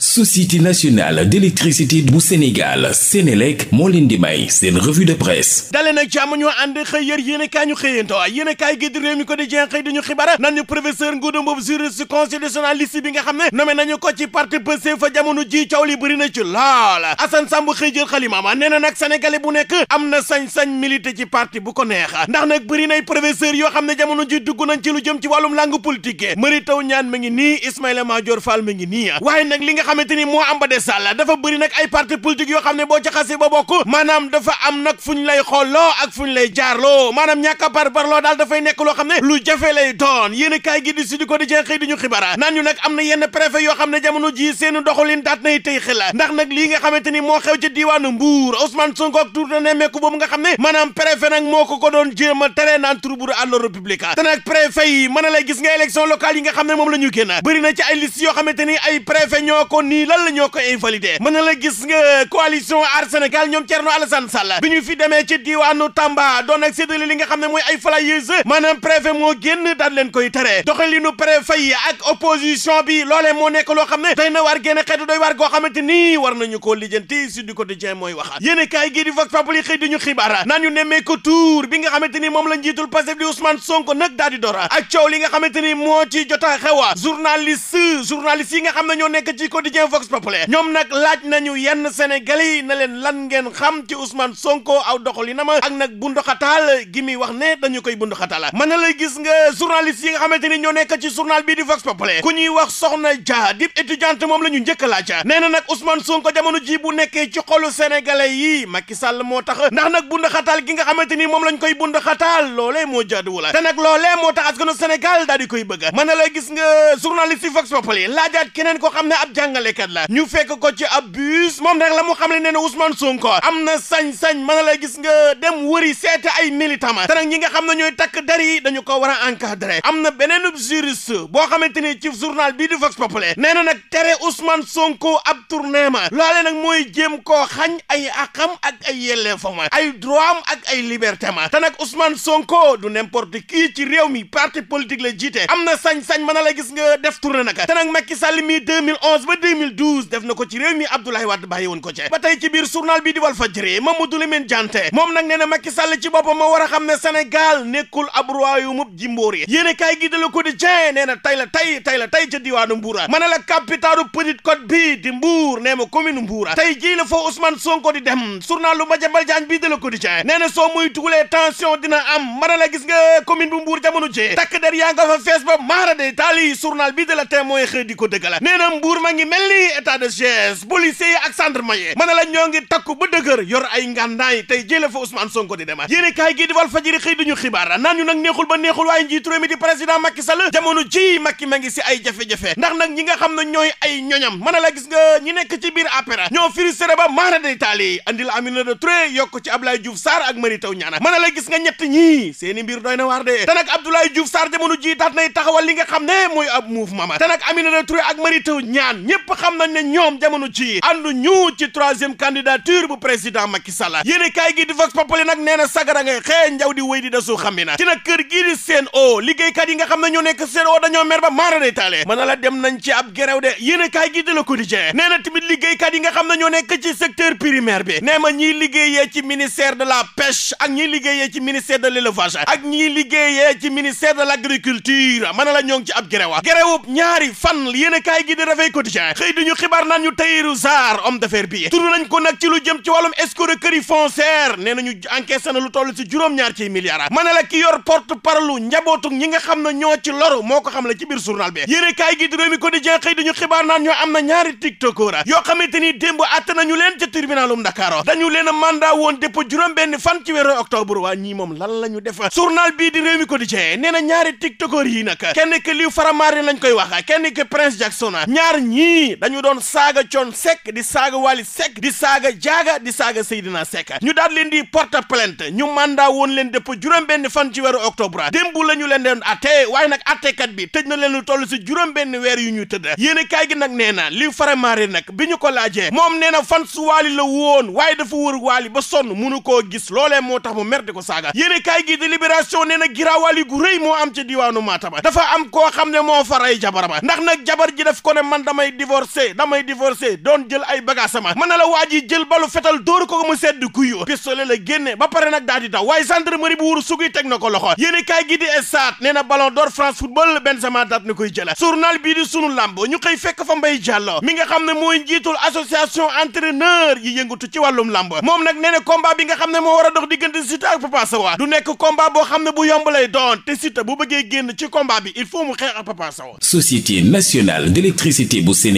société nationale d'électricité bu Sénégal Sénélec moo leen di may seen revue de presse dalee nag jàmm ñoo ànd xëy yër yéen i kaay ñu xëyanto yéen i kaay réew mi ko di jenxëy di ñu xibaar nan ñu professeur Ngouda Mboup juriste constitutionnaliste bi nga xam ne nommé nañu ko ci parti Pastef fa jamono ji coow li bëri na ci lool Assane Samb xëy jël xalimaama nee na nag sénégalais bu nekk am na sañ-sañ milité ci parti bu ko neex ndax nag bëri nay ne jamono ji dugg nañ ci lu jëm ci wàllum langue xamante ni moo am ba des sàll dafa bëri nag ay parti politique yoo xam ne boo ci xasee ba bokk maanaam dafa am nag fu ñu lay xooloo ak fu ñu lay jaarloo maanaam ñàkk a par parloo daal dafay nekk loo xam ne lu jafe lay doon yéen a kaay gi di Sud Quotidien xëy di ñu xibaar naan ñu nag am na yenn préfet yoo xam ne jamono ji seen doxalin daat nay tey xel ndax nag lii nga xamante ni moo xew ci diiwaanu Mbuur Ousmane Sonko ak tur na nemmeeku boobu nga xam ne maanaam préfet nag moo ko doon jéem a tere naan trouble à l'ordre a lay gis nga yi nga xam ne moom la ñu génn bëri na ci ay liste ni ay préfet ko nii lan lañoo ñoo ko invalidé mën na la gis nga coalition Aar Sénégal ñoom Thierno Alassane Sall bi ñu fi demee ci diwaanu Tamba doon ak séddale li nga xam ne mooy ay flyers maanaam préfet moo génn daan leen koy tere doxalinu préfet yi ak opposition bi loole moo nekk loo xam ne tey na war génn xeetu doy war goo xamante nii war nañu koo lijjanti Sud Quotidien mooy waxaat yéen kaay gii di Vox Populi xëy di ñu xibaar naan ñu nemmee ko tuur bi nga xamante ni moom la njiitul Pastef di Ousmane Sonko nag daal di dora ak coow li nga xamante ni moo ci jota xewa journaliste journaliste yi nga xam ne ñoo nekk ci quotidien Vox Populi ñoom nag laaj nañu yenn sénégalais yi ne leen lan ngeen xam ci usman Sonko aw doxalinam ak nag bunduxataal gi muy wax ne dañu koy bunduxataal mën na lay gis nga journaliste yi nga xamante ni ñoo nekk ci journal bii di Vox Populi ku ñuy wax Soxna Dia di étudiante moom la ñu njëkk laaj nee na nag Ousmane Sonko jamono ji bu nekkee ci xolu sénégalais yi Macky Sall moo tax ndax nag bunduxataal gi nga xamante ni moom lañu koy bunduxataal loolee moo jaaduwul te nag loolee moo tax askanu Sénégal daal di koy bëgg mën na lay gis nga journaliste yi Vox Populi laajaat keneen ko xam ne ab jàng jàngalekat la ñu fekk ko ci ab bus moom nag la mu xam le nee ne Ousmane Sonko am na sañ-sañ mën a la gis nga dem wëri seeta ay militant ma te nag ñi nga xam ne ñooy takk der yi dañu ko war a am na beneen juriste boo xamante ni ci journal bii di Vox Populi nee na nag tere Ousmane Sonko ab tournée ma loole nag mooy jéem ko xañ ay àqam ak ay yelleefam ay droit am ak ay liberté ma te nag Ousmane Sonko du n'importe qui ci réew mi parti politique la jiite am na a la gis nga def tournée naka te 2012 def na ko ci réew mi Abdoulaye Wade bàyyi woon ko ci ba tey ci biir journal bi di Walf Fadjri Mamadou Lamine Diante moom nag nee na Macky Sall ci boppam moo war a xam ne Sénégal nekkul ab royaume jimbóor yi yéen a kaay la ko di jen nee na tey la tey tey la tey ca diwaanu Mbuura ma ne la capitalu Petite Côte bii di Mbuur nee ma commune Mbuura tey jii la foo Ousmane Sonko di dem journal lu Madiambal Diagne bii de la ko di jen nee na soo mel ni état de siège policiers yi ak gendarmes yi ma ne la ñoo ngi takku ba dëgër yor ay ngàndaay tey jële fa Ousmane Sonko di dema yéene kaay gii di Walf Fadjri xëy dañu xibaar naan ñu nag neexul ba neexul waaye njiitu réew mi di président sa Sall jamono ji Macky ma ngi si ay jafe-jafe ndax nag ñi nga xam na ñooy ay ñoñam mën a la gis nga ñi nekk ci biir APR ñoo frustré ba maara day taali andi la Aminata yokk ci Abdoulaye Diouf Sarr ak Mary Teuw Niane ma la gis nga ñett ñii seeni mbir doy na waar de te nag Abdoulaye Diouf Sarr jamono taxawal li nga xam ne mooy ab mouvement te nag Aminata Touré ak Mary Teuw Niane ñëpp xam nañ ne ñoom jamono ci àndu ñu ci troisième candidature bu président Macky Sall yéene kaay gi di Vox Populi nag nee na sagara ngay xëy njaw di wéy di desu xam na ci na kër gii di o liggéeykat yi nga xam ne ñoo nekk CNO dañoo mer ba maara day taale mën na dem nañ ci ab gerew de yéene kaay gi di Le Quotidien nee na tamit liggéeykat yi nga xam ne ñoo nekk ci secteur primaire bi nee ma ñiy liggéeyee ci ministère de la pêche ak ñiy liggéeyee ci ministère de l'élevage ak ñiy liggéeyee ci ministère de l'agriculture mën na la ñoo ngi ci ab gerew a ñaari fan yéene gi di Réveil Quotidien xëy ñu xibaar naan ñu Tahirou Sarr homme d'affaires bi tudd nañ ko nag ci lu jëm ci wàllum escroquerie foncière nee nañu encaissé na lu toll ci juróom-ñaar ciy milliards ma ne la ki yor porte parole njabootu ñi nga xam ne ñoo ci loru moo ko xam la ci biir journal bi yéene kaay gi di Rewmi Quotidien xëy dañu xibaar naan ñoo am na ñaari tiktokora yoo xamante ni démb àtte nañu leen ci tribunalum Dakar dañu leen a mandat woon dépôt juróom benn fan ci weeru octobre waa ñii moom lan la ñu def journal bii di Rewmi Quotidien nee na ñaari tiktokor yi nag kenn ki liw lañ koy wax kenn ki Prince Jackson ñaar ñii ñii dañu doon saaga Thione Seck di saaga Wally Seck di saaga Diaga di saaga Seydina Seck ñu daal leen di porte plainte ñu mandat woon leen dëpp juróom-benn fan ci weeru octobre démb la ñu leen doon atte waaye nag attekat bi tëj na leen lu toll si juróom-benn weer yu ñu tëdd yéen kaay gi nag nee na li faramaare nag bi ñu ko laajee moom nee na fan su Wally la woon waaye dafa wër Wally ba sonn munu koo gis loolee moo tax mu mer ko saaga yéen kaay gi di libération nee na giraawaali gu rëy moo am ci diwaanu Matam dafa am koo xam ne moo faray jabarama ndax nag jabar ji daf ko man divorcé damay divorcé doon jël ay bagage sama mën na la waa ji jël balu fetal dóoru ko mu sedd guyu pistolet la génne ba pare nag daal di daw waaye gendarmerie bu wuru suguy teg na ko loxo yéen i kaay gi di Stades nee na Ballon d'Or France Football Benzema daat na koy jëla journal bii sunu làmb ñu xëy fekk fa Mbaye Diallo mi nga xam ne mooy njiitul association entraîneur yi yëngatu ci wàllum làmb moom nag nee na bi nga xam ne moo war a dox diggante Siteu ak Papa Sow du nekk combat boo xam ne bu yomb lay doon te Siteu bi il faut mu xeex ak